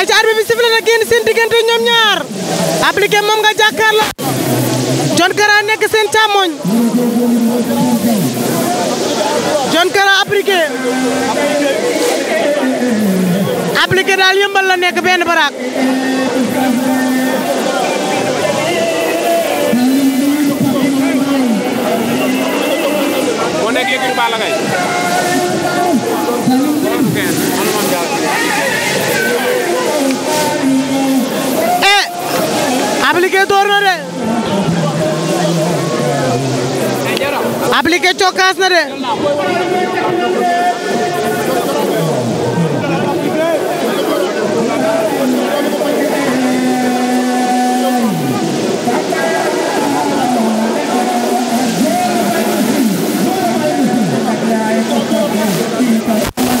ayca arbitre bi sifflé na génn seen diggante ñoom ñaar appliqué moom nga jàkkaarloo John Kara nekk seen càmmoñ John Kara appliqué appliqué daal yëmbal la nekk benn baraak moo nekk yëkkati Balla Gaye cokkaas na de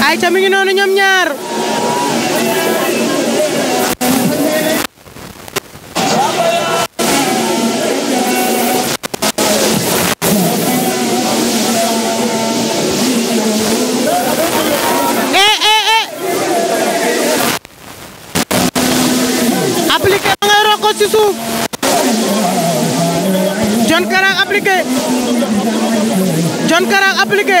ay ca ñaar अप्लीके जनकर अप्लीके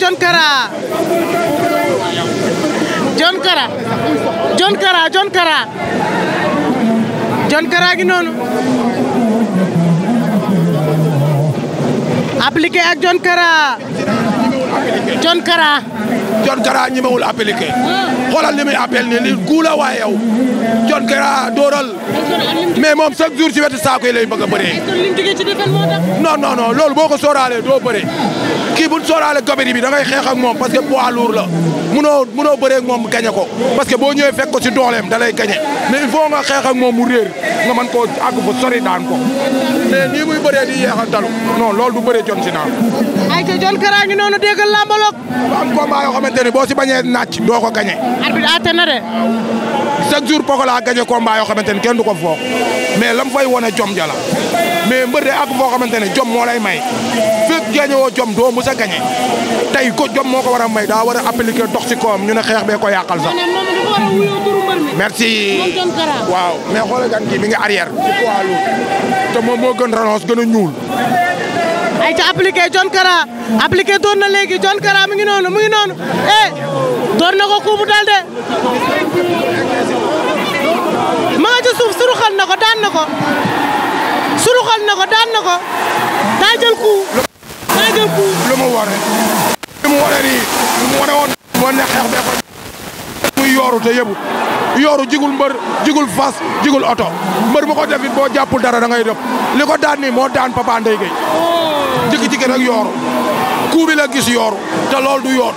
John Kara. John Kara. John Kara, John Kara. John Kara John Kara. John Kara. John Kara ñemewul appliqué xoolal li muy appel ni li guula waaye yow John Kara dóoral mais moom chaque jour ci wetu saako yi lay bëgg a bëree non non non loolu boo ko sóoraalee doo bëre kii bu sóoraale gabari bi da ngay xeex ak moom parce que poids la munoo munoo bëree moom gañe ko parce que boo ñëwee fekk ko ci dooleem da lay gañe mais il faut nga xeex ak moom mu réer nga mën koo àgg fa sori daan ko mais nii muy bëree di yeexal dalu non du bëree John si naan ay ca John Kara ngi xamante ne boo si bañee naaj doo ko gagné. arbitre àtte na de. chaque jour Pokola yoo xamante ne kenn du ko foog mais lam fay wane jom jala mais mbër de ak foo xamante ne jom moo lay may fépp gagné woo jom doo mus a gagné tey ko jom moo ko war may daa war a appliquer dox si kawam ñu ko yàqal sax. merci waaw mais xoolal gan kii mi ngi arrière ci poids te moom moo gën relance gën a ñuul. ay ca appliqué John Kara appliqué door na léegi John Kara mu ngi noonu mu ngi noonu eh door na ko kuubu dal de ma nga ca suuf suruxal na ko daan na ko suruxal na ko daan na ko daa jël kuu daa jël kuu lu mu waree lu mu waree nii mu waree woon moo ne xeex bee ko muy yooru te yëbu yoru jigul mbeur jigul fas jigul auto mbeur bu ko defit bo jàppul dara da ngay def liko ko daan nii moo daan Papa Ndeye Gueye jóge ci ak yooru kuu bi la gis yooru te loolu du yoot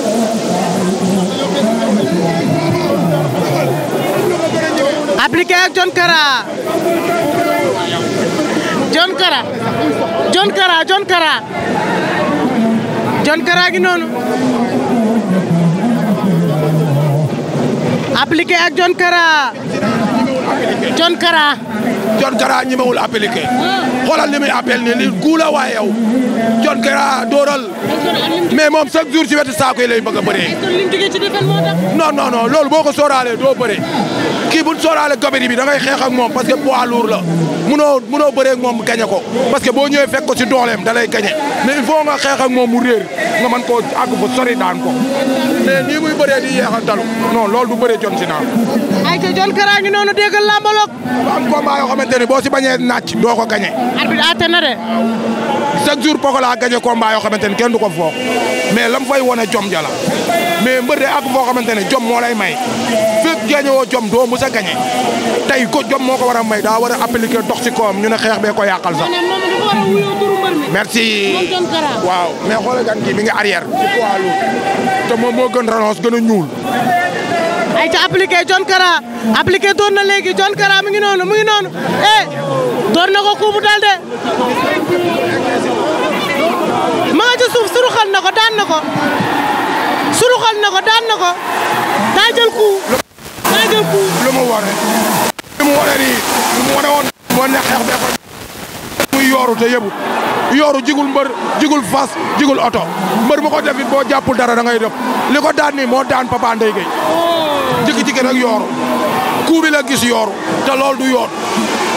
পাবলিকে একজন কারা জন কারা জন কারা জন কারা জন কারা কিনুন আপলিকে একজন কারা জন কারা John Kara ñemewul appliqué xoolal li muy appel ni li guula waaye yow John Kara dóoral mais moom chaque jour ci wetu saako yi lay bëgg a bëree non non non loolu boo ko sóoraalee doo bëre kii bu sóoraale gabari bi da ngay xeex ak moom parce que poids lourd la munoo munoo bëree ak moom gañe ko parce que boo ñëwee fekk ko ci dooleem da lay gañe mais il faut nga xeex ak moom mu réer nga mën koo àgg fa sori daan ko bëree nii muy bëree di yeexal talu non loolu du bëree John Sina ay ca John Kara noonu déggal lambaloog dafa am combat yoo xamante ne boo si bañee nàcc doo ko gañe arbitre atte na de chaque jour Pokola gañe combat yoo xamante ne kenn du ko foog mais lam fay wone jom jala mais mbër de ak foo xamante ne jom moo lay may fekk gañe woo jom doo mus a gañe tey ko jom moo ko war may daa war a appliquer dox si kawam ñu ne xeex bee ko yàqal sax merci waaw mais xoolal gan kii mi relance gën a ñuul. ay ca appliqué John Kara appliqué doon na léegi John mu ngi noonu mu ngi noonu eh doon na ko kuubu dal de ma nga ca suuf na ko daan na ko suruxal na ko daan na ko daa jël kuu daa jël lu mu waree lu mu waree nii lu mu waree woon moo ne xeex bee ko yooru te yebut yooru jigul mbër jigul fas jigul oto mbër bu ko defit boo jàppul dara da ngay def li ko daan moo daan Papa Ndeye Gueye jëkki-jëkki rek yooru kuu bi gis yooru te loolu du yoon